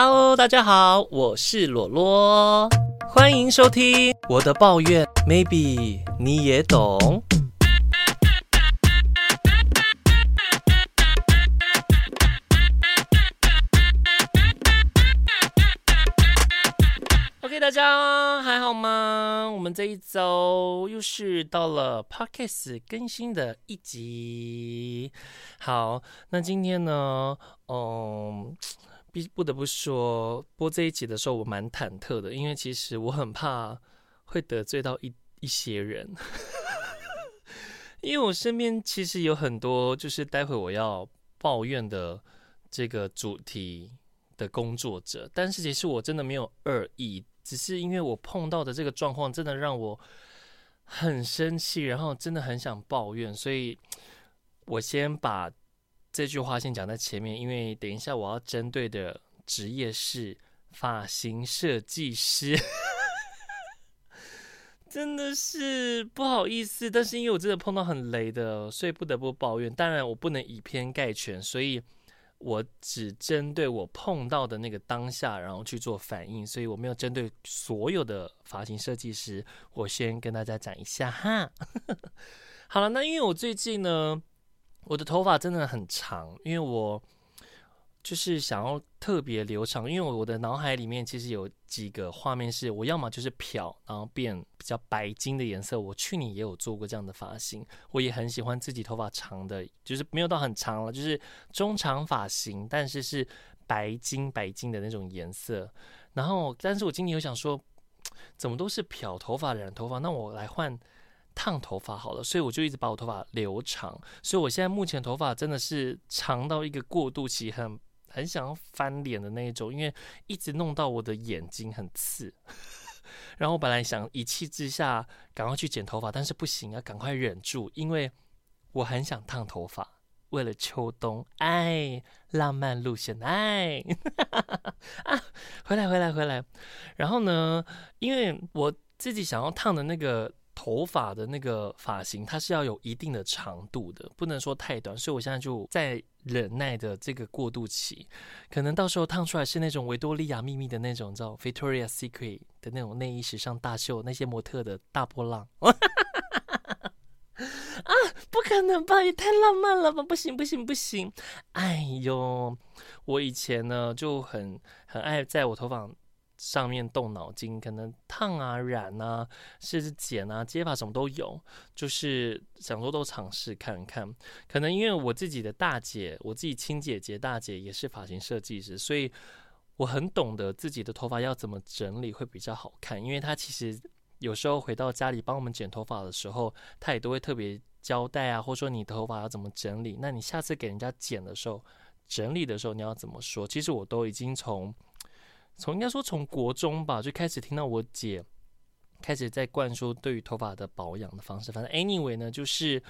Hello，大家好，我是羅羅。歡迎收聽我的抱怨，Maybe 你也懂。OK，大家還好嗎？我們這一周又是到了 Podcast 更新的一集。好，那今天呢？嗯。必不得不說，播這一集的時候我蠻忐忑的，因為其實我很怕會得罪到一一些人， 因為我身邊其實有很多就是待會我要抱怨的這個主題的工作者，但是其實我真的沒有惡意，只是因為我碰到的這個狀況真的讓我很生氣，然後真的很想抱怨，所以我先把。這句話先講在前面，因為等一下我要針對的職業是髮型設計師， 真的是不好意思，但是因為我真的碰到很雷的，所以不得不抱怨。當然，我不能以偏概全，所以我只針對我碰到的那個當下，然後去做反應。所以我沒有針對所有的髮型設計師。我先跟大家講一下哈。 好了，那因為我最近呢。我的頭髮真的很長，因為我就是想要特別留長，因為我我的腦海裡面其實有幾個畫面是我要麼就是漂，然後變比較白金的顏色。我去年也有做過這樣的髮型，我也很喜歡自己頭髮長的，就是沒有到很長了，就是中長髮型，但是是白金白金的那種顏色。然後，但是我今年又想說，怎麼都是漂頭髮染頭髮，那我來換。燙頭髮好了，所以我就一直把我頭髮留長，所以我現在目前頭髮真的是長到一個過渡期，很很想要翻臉的那一種，因為一直弄到我的眼睛很刺。然後我本來想一氣之下趕快去剪頭髮，但是不行啊，趕快忍住，因為我很想燙頭髮，為了秋冬，唉，浪漫路線唉。唉 啊，回來回來回來，然後呢，因為我自己想要燙的那個。頭髮的那個髮型，它是要有一定的長度的，不能說太短。所以我現在就在忍耐的這個過渡期，可能到時候燙出來是那種維多利亞秘密的那種叫 Victoria's Secret 的那種內衣時尚大秀那些模特的大波浪 啊，不可能吧？也太浪漫了吧？不行不行不行！哎呦，我以前呢就很很愛在我頭髮。上面動腦筋，可能燙啊、染啊，甚至剪啊、接髮什麼都有，就是想說都嘗試看看。可能因為我自己的大姐，我自己親姐姐大姐也是髮型設計師，所以我很懂得自己的頭髮要怎麼整理會比較好看。因為她其實有時候回到家裡幫我們剪頭髮的時候，她也都會特別交代啊，或者說你的頭髮要怎麼整理。那你下次給人家剪的時候，整理的時候你要怎麼說？其實我都已經從。從應該說從國中吧，就開始聽到我姐開始在灌輸對於頭髮的保養的方式，反正 anyway 呢，就是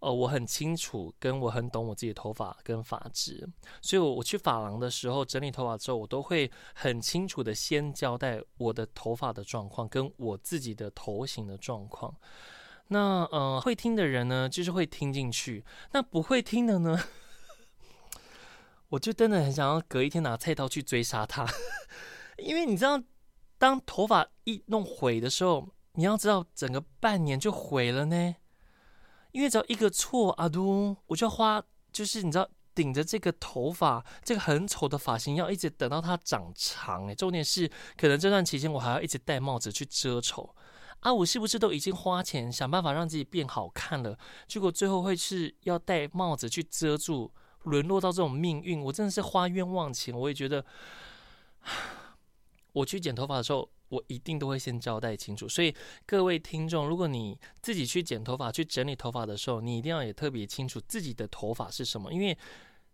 呃，我很清楚跟我很懂我自己的頭髮跟髮質，所以我我去髮廊的時候整理頭髮之後，我都會很清楚的先交代我的頭髮的狀況跟我自己的頭型的狀況。那呃，會聽的人呢，就是會聽進去；那不會聽的呢， 我就真的很想要隔一天拿菜刀去追殺他。因為你知道，當頭髮一弄毀的時候，你要知道整個半年就毀了呢。因為只要一個錯啊，都我就要花，就是你知道頂着這個頭髮，這個很醜的髮型，要一直等到它長長、欸。哎，重點是可能這段期間我還要一直戴帽子去遮醜啊！我是不是都已經花錢想辦法讓自己變好看了，結果最後會是要戴帽子去遮住，淪落到這種命運？我真的是花冤枉錢，我也覺得。我去剪頭髮的時候，我一定都會先交代清楚。所以各位聽眾，如果你自己去剪頭髮、去整理頭髮的時候，你一定要也特別清楚自己的頭髮是什麼，因為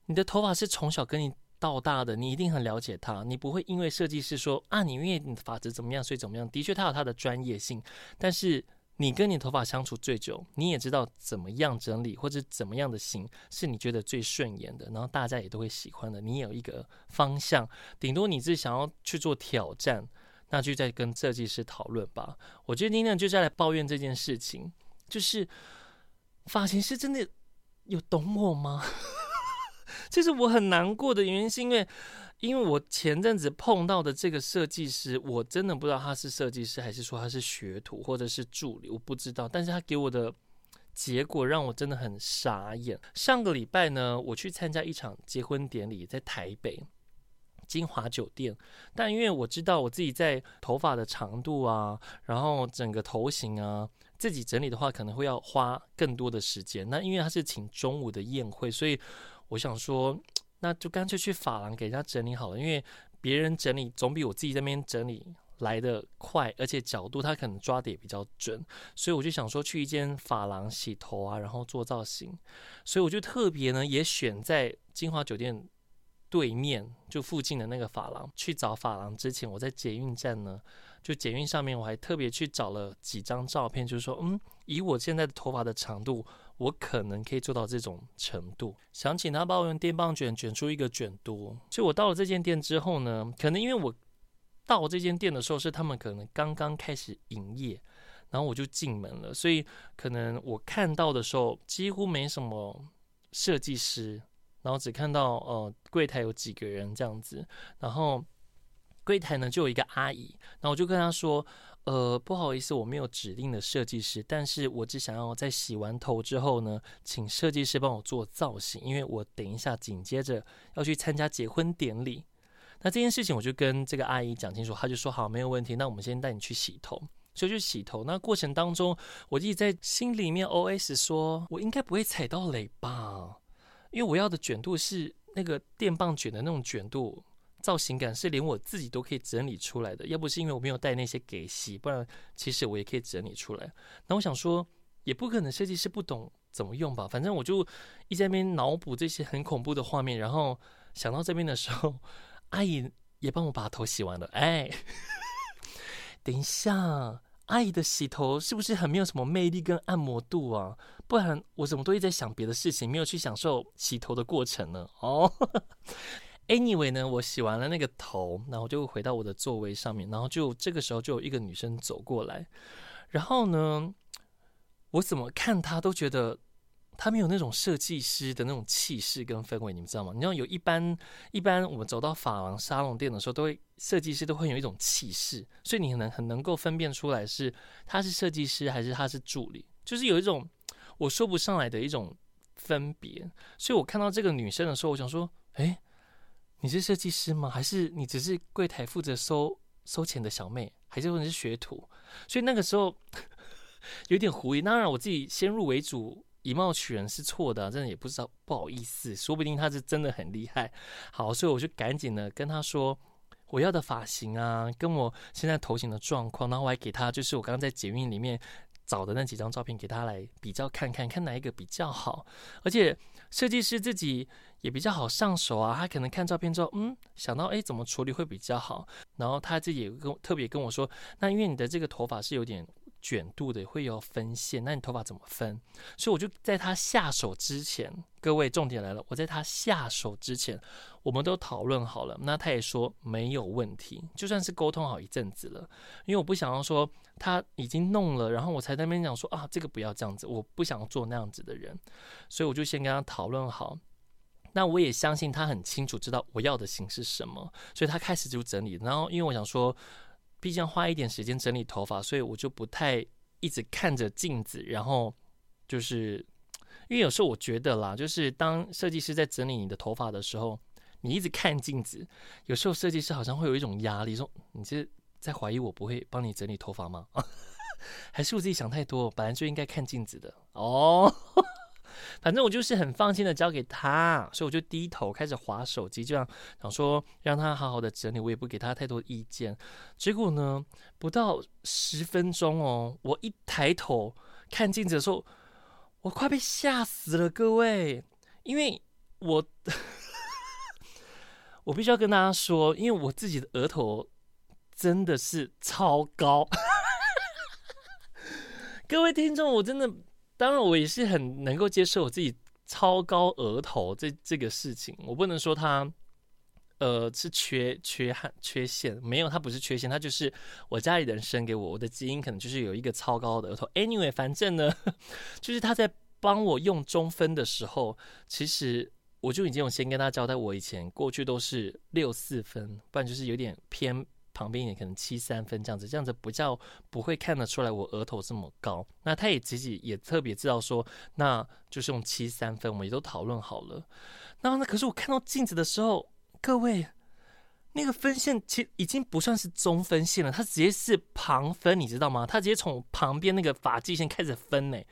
你的頭髮是從小跟你到大的，你一定很了解它。你不會因為設計師說啊，你因為你的髮質怎麼樣，所以怎麼樣。的確，它有它的專業性，但是。你跟你頭髮相處最久，你也知道怎麼樣整理或者怎麼樣的型是你覺得最順眼的，然後大家也都會喜歡的。你有一個方向，頂多你自己想要去做挑戰，那就再跟設計師討論吧。我覺得今天就是來抱怨這件事情，就是髮型師真的有懂我嗎？其 實我很難過的原因，是因為。因為我前陣子碰到的這個設計師，我真的不知道他是設計師還是說他是學徒或者是助理，我不知道。但是他給我的結果讓我真的很傻眼。上個禮拜呢，我去參加一場結婚典禮，在台北金華酒店。但因為我知道我自己在頭髮的長度啊，然後整個頭型啊，自己整理的話可能會要花更多的時間。那因為他是請中午的宴會，所以我想說。那就乾脆去髮廊給人家整理好了，因為別人整理總比我自己在那邊整理來得快，而且角度他可能抓的也比較準，所以我就想說去一間髮廊洗頭啊，然後做造型。所以我就特別呢也選在金華酒店對面就附近的那個髮廊，去找髮廊之前，我在捷運站呢，就捷運上面我還特別去找了幾張照片，就是說，嗯，以我現在的頭髮的長度，我可能可以做到這種程度，想請他幫我用電棒捲捲出一個捲度。就我到了這間店之後呢，可能因為我到這間店的時候是他們可能剛剛開始營業，然後我就進門了，所以可能我看到的時候幾乎沒什麼設計師，然後只看到呃，櫃檯有幾個人這樣子，然後櫃檯呢就有一個阿姨，然後我就跟她說。呃，不好意思，我沒有指定的設計師，但是我只想要在洗完頭之後呢，請設計師幫我做造型，因為我等一下緊接着要去參加結婚典禮。那這件事情我就跟這個阿姨講清楚，她就說好，沒有問題。那我們先帶你去洗頭，所以就洗頭。那過程當中，我自己在心裡面 OS 說，我應該不會踩到雷吧？因為我要的卷度是那個電棒卷的那種卷度。造型感是連我自己都可以整理出來的，要不是因為我沒有帶那些給洗，不然其實我也可以整理出來。那我想說，也不可能設計師不懂怎麼用吧？反正我就一直在那邊腦補這些很恐怖的畫面，然後想到這邊的時候，阿姨也幫我把頭洗完了。哎， 等一下，阿姨的洗頭是不是很沒有什麼魅力跟按摩度啊？不然我怎麼都一直在想別的事情，沒有去享受洗頭的過程呢？哦。Anyway 呢，我洗完了那個頭，然後就回到我的座位上面，然後就這個時候就有一個女生走過來，然後呢，我怎麼看她都覺得她沒有那種設計師的那種氣勢跟氛圍，你們知道嗎？你知道有一般一般我們走到髮廊沙龍店的時候，都會設計師都會有一種氣勢，所以你很能，很能夠分辨出來是她是設計師還是她是助理，就是有一種我說不上來的一種分別。所以我看到這個女生的時候，我想說，誒……你是設計師嗎？還是你只是櫃檯負責收收錢的小妹？還是說你是學徒？所以那個時候有點狐疑。當然，我自己先入為主以貌取人是錯的，真的也不知道，不好意思，說不定他是真的很厲害。好，所以我就趕緊的跟他說我要的髮型啊，跟我現在頭型的狀況，然後我還給他，就是我剛剛在捷運裡面。找的那幾張照片給他來比較看看，看哪一個比較好，而且設計師自己也比較好上手啊，他可能看照片之後，嗯，想到，哎，怎麼處理會比較好，然後他自己也跟特別跟我說，那因為你的這個頭髮是有點。捲度的會有分線，那你頭髮怎麼分？所以我就在他下手之前，各位重點來了，我在他下手之前，我們都討論好了。那他也說沒有問題，就算是溝通好一陣子了。因為我不想要說他已經弄了，然後我才在那邊講說啊，這個不要這樣子，我不想做那樣子的人。所以我就先跟他討論好。那我也相信他很清楚知道我要的型是什麼，所以他開始就整理。然後因為我想說。畢竟要花一點時間整理頭髮，所以我就不太一直看着鏡子。然後就是因為有時候我覺得啦，就是當設計師在整理你的頭髮的時候，你一直看鏡子，有時候設計師好像會有一種壓力，說你是在懷疑我不會幫你整理頭髮嗎？啊，還是我自己想太多？本來就應該看鏡子的哦。反正我就是很放心的交給他，所以我就低頭開始滑手機，這樣想說讓他好好的整理，我也不給他太多意見。結果呢，不到十分鐘哦，我一抬頭看鏡子的時候，我快被嚇死了，各位，因為我我必須要跟大家說，因為我自己的額頭真的是超高，各位聽眾，我真的。當然，我也是很能夠接受我自己超高額頭這這個事情。我不能說它，呃，是缺缺憾缺陷，沒有，它不是缺陷，它就是我家裡的人生給我，我的基因可能就是有一個超高的額頭。Anyway，反正呢，就是他在幫我用中分的時候，其實我就已經有先跟他交代，我以前過去都是六四分，不然就是有點偏。旁邊也可能七三分這樣子，這樣子不叫不會看得出來我額頭這麼高。那他也自己也特別知道說，那就是用七三分，我們也都討論好了。然後呢，可是我看到鏡子的時候，各位那個分線，其實已經不算是中分線了，它直接是旁分，你知道嗎？它直接從旁邊那個髮際線開始分呢、欸，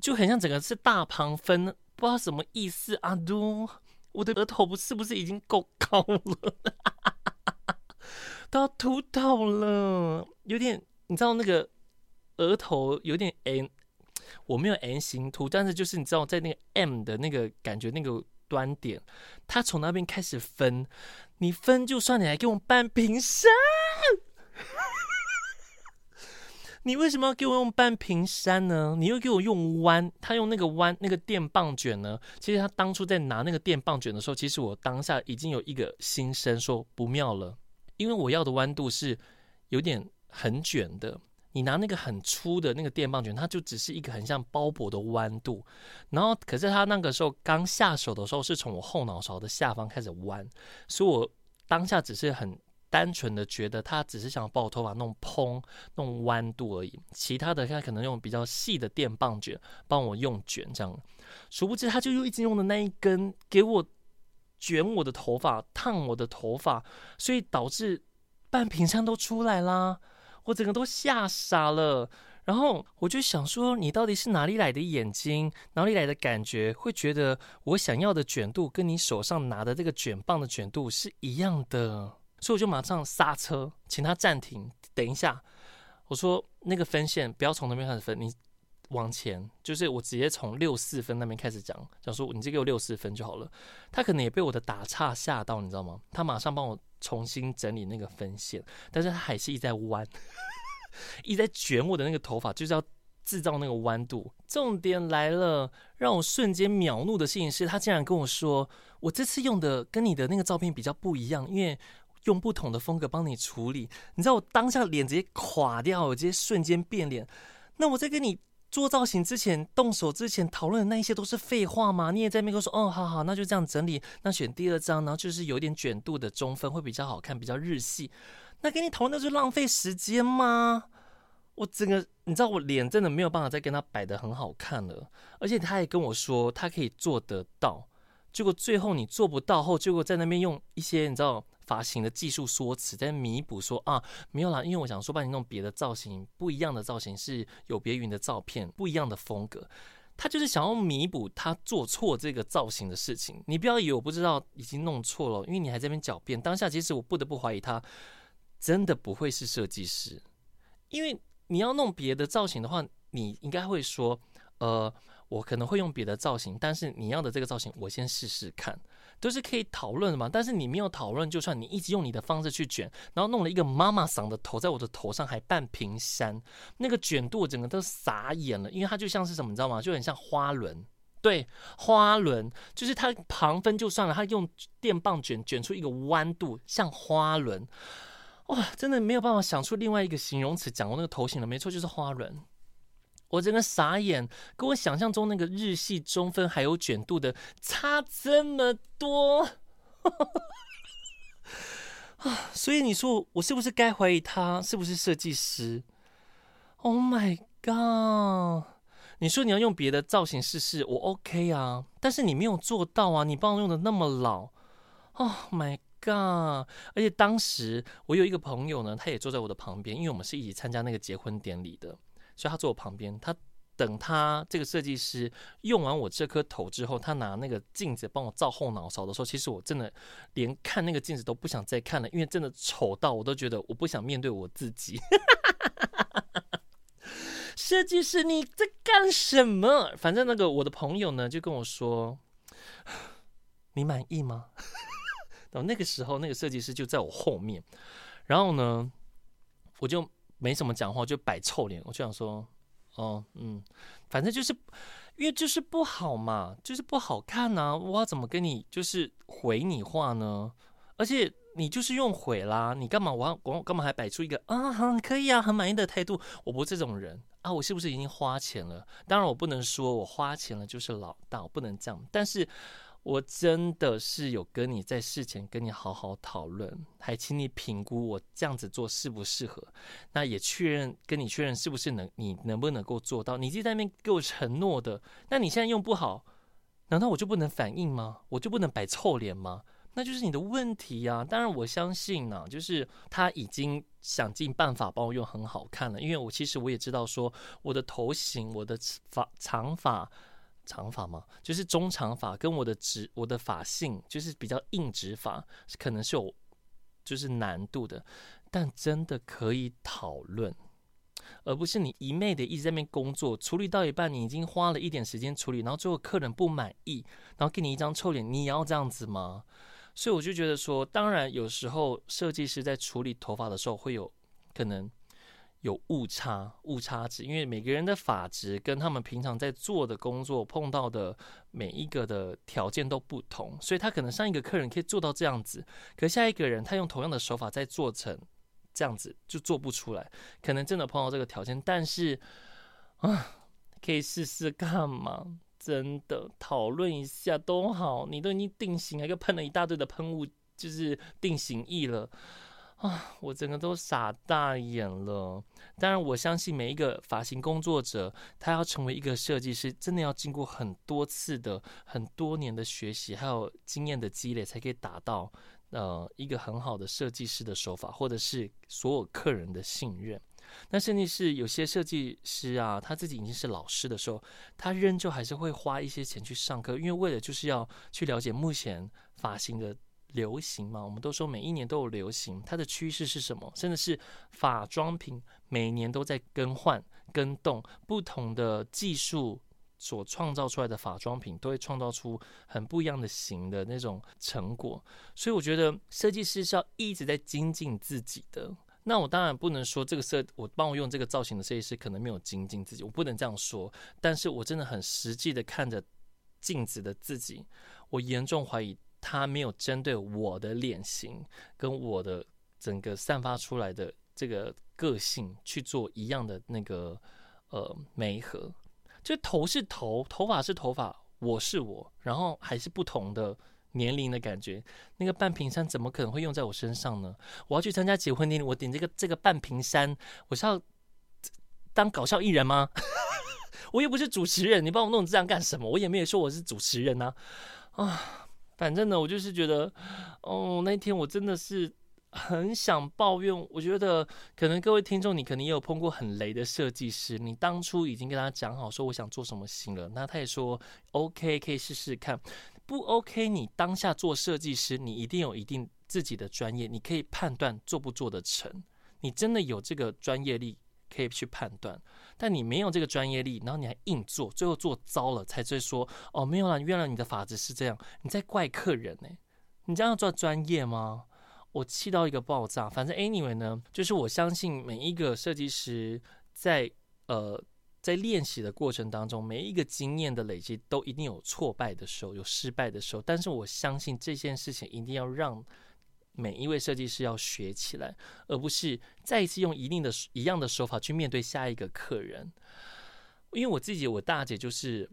就很像整個是大旁分，不知道什麼意思啊？都我的額頭不是不是已經夠高了？都要禿頭了，有點你知道那個額頭有點 n，我沒有 n 型禿，但是就是你知道在那個 m 的那個感覺那個端點，他從那邊開始分，你分就算你還給我半屏山， 你為什麼要給我用半屏山呢？你又給我用彎，他用那個彎那個電棒卷呢？其實他當初在拿那個電棒卷的時候，其實我當下已經有一個心聲說不妙了。因為我要的彎度是有點很捲的，你拿那個很粗的那個電棒捲，它就只是一個很像包裹的彎度。然後，可是他那個時候剛下手的時候，是從我後腦勺的下方開始彎，所以我當下只是很單純的覺得他只是想把我頭髮弄蓬、弄彎，彎度而已。其他的，他可能用比較細的電棒捲幫我用捲這樣。殊不知，他就用一直用的那一根給我。卷我的頭髮，燙我的頭髮，所以導致半屏山都出來啦，我整個都嚇傻了。然後我就想說，你到底是哪裡來的眼睛，哪裡來的感覺，會覺得我想要的卷度跟你手上拿的這個卷棒的卷度是一樣的？所以我就馬上剎車，請他暫停，等一下，我說那個分線不要從那邊開始分，你。往前，就是我直接從六四分那邊開始講，講說你這給我六四分就好了。他可能也被我的打岔嚇到，你知道嗎？他馬上幫我重新整理那個分線，但是他還是一直在彎， 一直在卷我的那個頭髮，就是要制造那個彎度。重點來了，讓我瞬間秒怒的事情是，他竟然跟我說，我這次用的跟你的那個照片比較不一樣，因為用不同的風格幫你處理。你知道我當下臉直接垮掉，我直接瞬間變臉。那我再跟你。做造型之前，動手之前討論的那一些都是廢話嗎？你也在那邊說，哦，好好，那就這樣整理，那選第二張，然後就是有點捲度的中分會比較好看，比較日系。那跟你討論的就是浪費時間嗎？我整個，你知道我臉真的沒有辦法再跟他擺得很好看了，而且他也跟我說他可以做得到，結果最後你做不到後，結果在那邊用一些你知道。髮型的技術說辭，在彌補說，啊，沒有啦，因為我想說幫你弄別的造型，不一樣的造型，是有別於你的照片，不一樣的風格。他就是想要彌補他做錯這個造型的事情。你不要以為我不知道已經弄錯了，因為你還在那邊狡辯。當下其實我不得不懷疑他真的不會是設計師，因為你要弄別的造型的話，你應該會說呃，我可能會用別的造型，但是你要的這個造型我先試試看。都是可以討論的嘛，但是你沒有討論，就算你一直用你的方式去捲，然後弄了一個媽媽桑的頭在我的頭上，還半屏山，那個捲度我整個都傻眼了，因為它就像是什麼，你知道嗎？就很像花輪，對，花輪，就是它旁分就算了，它用電棒捲捲出一個彎度，像花輪，哇，真的沒有辦法想出另外一個形容詞講我那個頭型了，沒錯，就是花輪。我真的傻眼，跟我想象中那個日系中分還有捲度的差這麼多 啊！所以你說我是不是該懷疑他是不是設計師？Oh my god！你說你要用別的造型試試，我 OK 啊，但是你沒有做到啊，你幫我弄得那麼老！Oh my god！而且當時我有一個朋友呢，他也坐在我的旁邊，因為我們是一起參加那個結婚典禮的。就他坐我旁邊，他等他這個設計師用完我這顆頭之後，他拿那個鏡子幫我照後腦勺的時候，其實我真的連看那個鏡子都不想再看了，因為真的醜到我都覺得我不想面對我自己。設 計 師你在幹什麼？反正那個我的朋友呢就跟我說：“你滿意嗎？”然 後那個時候那個設計師就在我後面，然後呢我就。沒什麼講話就擺臭臉，我就想說，哦，嗯，反正就是，因為就是不好嘛，就是不好看啊，我要怎麼跟你就是回你話呢？而且你就是用回啦，你幹嘛我我幹嘛還擺出一個啊、哦，可以啊，很滿意的態度？我不是這種人啊，我是不是已經花錢了？當然我不能說我花錢了就是老大，我不能這樣，但是。我真的是有跟你在事前跟你好好討論，還請你評估我這樣子做適不適合。那也確認跟你確認是不是能你能不能夠做到？你自己在那邊給我承諾的，那你現在用不好，難道我就不能反應嗎？我就不能擺臭臉嗎？那就是你的問題呀。當然我相信呢，就是他已經想盡辦法幫我用很好看了，因為我其實我也知道說我的頭型，我的髮長髮。長髮嗎？就是中長髮，跟我的直，我的髮性就是比較硬直髮，可能是有就是難度的，但真的可以討論，而不是你一昧的一直在那邊工作，處理到一半，你已經花了一點時間處理，然後最後客人不滿意，然後給你一張臭臉，你也要這樣子嗎？所以我就覺得說，當然有時候設計師在處理頭髮的時候，會有可能。有誤差，誤差值，因為每個人的髮質跟他們平常在做的工作碰到的每一個的條件都不同，所以他可能上一個客人可以做到這樣子，可下一個人他用同樣的手法再做成這樣子就做不出來，可能真的碰到這個條件，但是啊，可以試試看嘛？真的討論一下都好，你都已經定型了，又噴了一大堆的噴霧，就是定型液了。啊，我整個都傻大眼了。當然，我相信每一個髮型工作者，他要成為一個設計師，真的要經過很多次的、很多年的學習，還有經驗的積累，才可以達到呃一個很好的設計師的手法，或者是所有客人的信任。那甚至是有些設計師啊，他自己已經是老師的時候，他仍舊還是會花一些錢去上課，因為為了就是要去了解目前髮型的。流行嘛，我們都說每一年都有流行，它的趨勢是什麼？甚至是髮妝品每年都在更換、更動，不同的技術所創造出來的髮妝品，都會創造出很不一樣的型的那種成果。所以我覺得設計師是要一直在精進自己的。那我當然不能說這個設，我幫我用這個造型的設計師可能沒有精進自己，我不能這樣說。但是我真的很實際的看着鏡子的自己，我嚴重懷疑。他沒有針對我的臉型跟我的整個散發出來的這個個性去做一樣的那個呃、眉和，就頭是頭，頭髮是頭髮，我是我，然後還是不同的年齡的感覺。那個半屏山怎麼可能會用在我身上呢？我要去參加結婚典禮，我頂這個這個半屏山，我是要當搞笑藝人嗎？ 我又不是主持人，你幫我弄這樣幹什麼？我也沒有說我是主持人吶、啊。啊。反正呢，我就是覺得，哦，那天我真的是很想抱怨。我覺得，可能各位聽眾，你可能也有碰過很雷的設計師。你當初已經跟他講好，說我想做什麼型了，那他也說 OK，可以試試看。不 OK，你當下做設計師，你一定有一定自己的專業，你可以判斷做不做得成。你真的有這個專業力。可以去判斷，但你沒有這個專業力，然後你還硬做，最後做糟了，才最說哦沒有了，原來你的法子是這樣，你在怪客人呢、欸？你這樣做專業嗎？我氣到一個爆炸。反正 anyway 呢，就是我相信每一個設計師在呃在練習的過程當中，每一個經驗的累積都一定有挫敗的時候，有失敗的時候。但是我相信這件事情一定要讓。每一位設計師要學起來，而不是再一次用一定的，一樣的手法去面對下一個客人。因為我自己，我大姐就是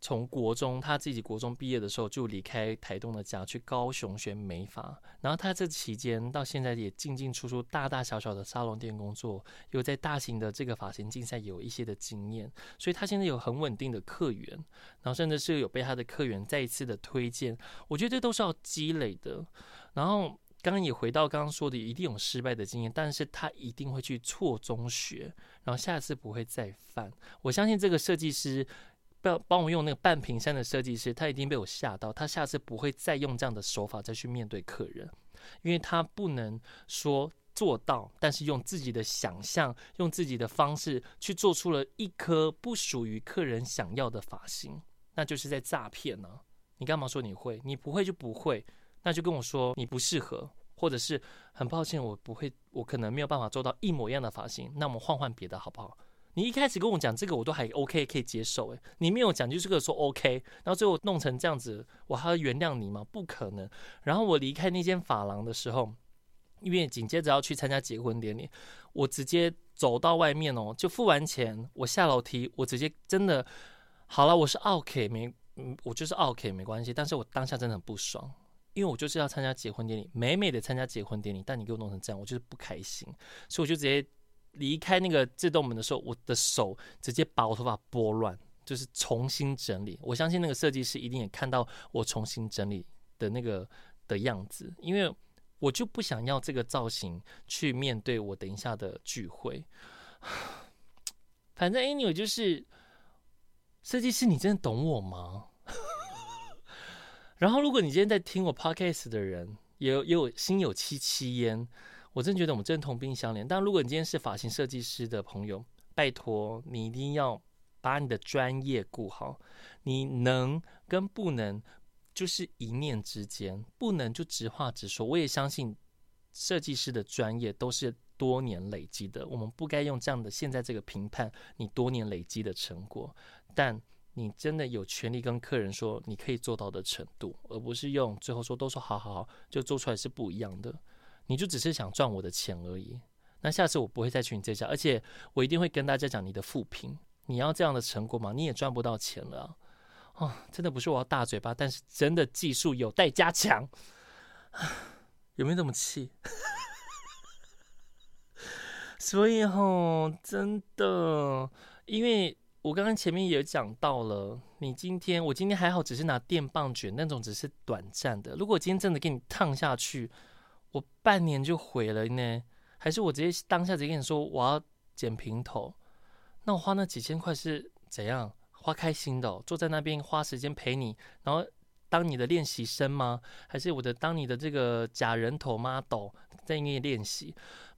從國中，她自己國中畢業的時候就離開台東的家，去高雄學美髮。然後她這期間到現在也進進出出大大小小的沙龍店工作，有在大型的這個髮型競賽也有一些的經驗，所以她現在有很穩定的客源，然後甚至是有被她的客源再一次的推薦。我覺得這都是要積累的，然後。剛剛也回到剛剛說的，一定有失敗的經驗，但是他一定會去錯中學，然後下次不會再犯。我相信這個設計師，不要幫我用那個半屏山的設計師，他一定被我嚇到，他下次不會再用這樣的手法再去面對客人，因為他不能說做到，但是用自己的想象，用自己的方式去做出了一顆不屬於客人想要的髮型，那就是在詐騙呢、啊。你幹嘛說你會？你不會就不會。那就跟我說你不適合，或者是很抱歉，我不會，我可能沒有辦法做到一模一樣的髮型。那我們換換別的，好不好？你一開始跟我講這個，我都還 OK 可以接受。哎，你沒有講就這個說 OK，然後最後弄成這樣子，我還要原諒你嗎？不可能。然後我離開那間髮廊的時候，因為緊接着要去參加結婚典禮，我直接走到外面哦，就付完錢，我下樓梯，我直接真的好了，我是 OK 沒，我就是 OK 沒關係。但是我當下真的很不爽。因為我就是要參加結婚典禮，美美的參加結婚典禮，但你給我弄成這樣，我就是不開心。所以我就直接離開那個自動門的時候，我的手直接把我頭髮撥亂，就是重新整理。我相信那個設計師一定也看到我重新整理的那個的樣子，因為我就不想要這個造型去面對我等一下的聚會。反正 anyway，就是設計師，你真的懂我嗎？然後，如果你今天在聽我 podcast 的人，也有也有心有戚戚焉，我真的覺得我們真的同病相憐。但如果你今天是髮型設計師的朋友，拜托你一定要把你的專業顧好。你能跟不能，就是一念之間。不能就直話直說。我也相信設計師的專業都是多年累積的，我們不該用這樣的現在這個評判你多年累積的成果。但你真的有權利跟客人說你可以做到的程度，而不是用最後說都說好好好就做出來是不一樣的。你就只是想賺我的錢而已。那下次我不會再去你這家，而且我一定會跟大家講你的負評。你要這樣的成果嗎？你也賺不到錢了，啊、哦！真的不是我要大嘴巴，但是真的技術有待加強。 有沒有這麼氣？ 所以吼，真的因為。我剛剛前面也講到了，你今天我今天還好，只是拿電棒捲那種，只是短暫的。如果我今天真的給你燙下去，我半年就毀了呢？還是我直接當下直接跟你說我要剪平頭？那我花那幾千塊是怎樣花開心的哦？坐在那邊花時間陪你，然後當你的練習生嗎？還是我的當你的這個假人頭 model 在那邊練習？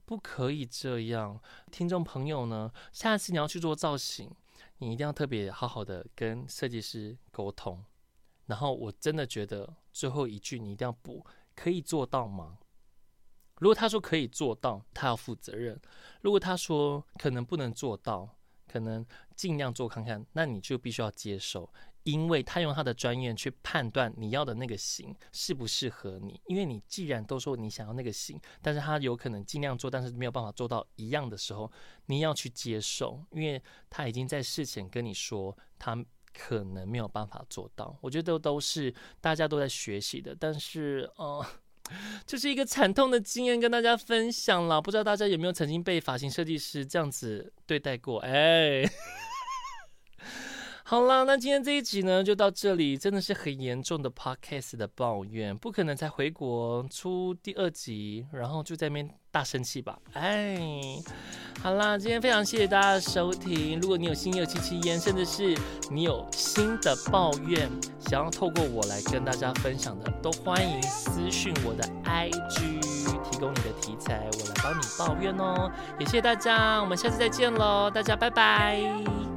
不可以這樣，聽眾朋友呢？下次你要去做造型。你一定要特別好好的跟設計師溝通，然後我真的覺得最後一句你一定要補，可以做到嗎？如果他說可以做到，他要負責任；如果他說可能不能做到，可能盡量做看看，那你就必須要接受。因為他用他的專業去判斷你要的那個型適不適合你，因為你既然都說你想要那個型，但是他有可能盡量做，但是沒有辦法做到一樣的時候，你要去接受，因為他已經在事前跟你說他可能沒有辦法做到。我覺得都是大家都在學習的，但是哦、呃，就是一個慘痛的經驗跟大家分享了，不知道大家有沒有曾經被髮型設計師這樣子對待過？哎。好啦，那今天這一集呢，就到這裡，真的是很嚴重的 Podcast 的抱怨，不可能再回國出第二集，然後就在那邊大生氣吧。哎，好啦，今天非常謝謝大家收聽，如果你有心有戚戚焉，甚至是你有新的抱怨，想要透過我來跟大家分享的，都歡迎私訊我的 IG，提供你的題材，我來幫你抱怨哦、喔。也謝謝大家，我們下次再見嘍，大家拜拜。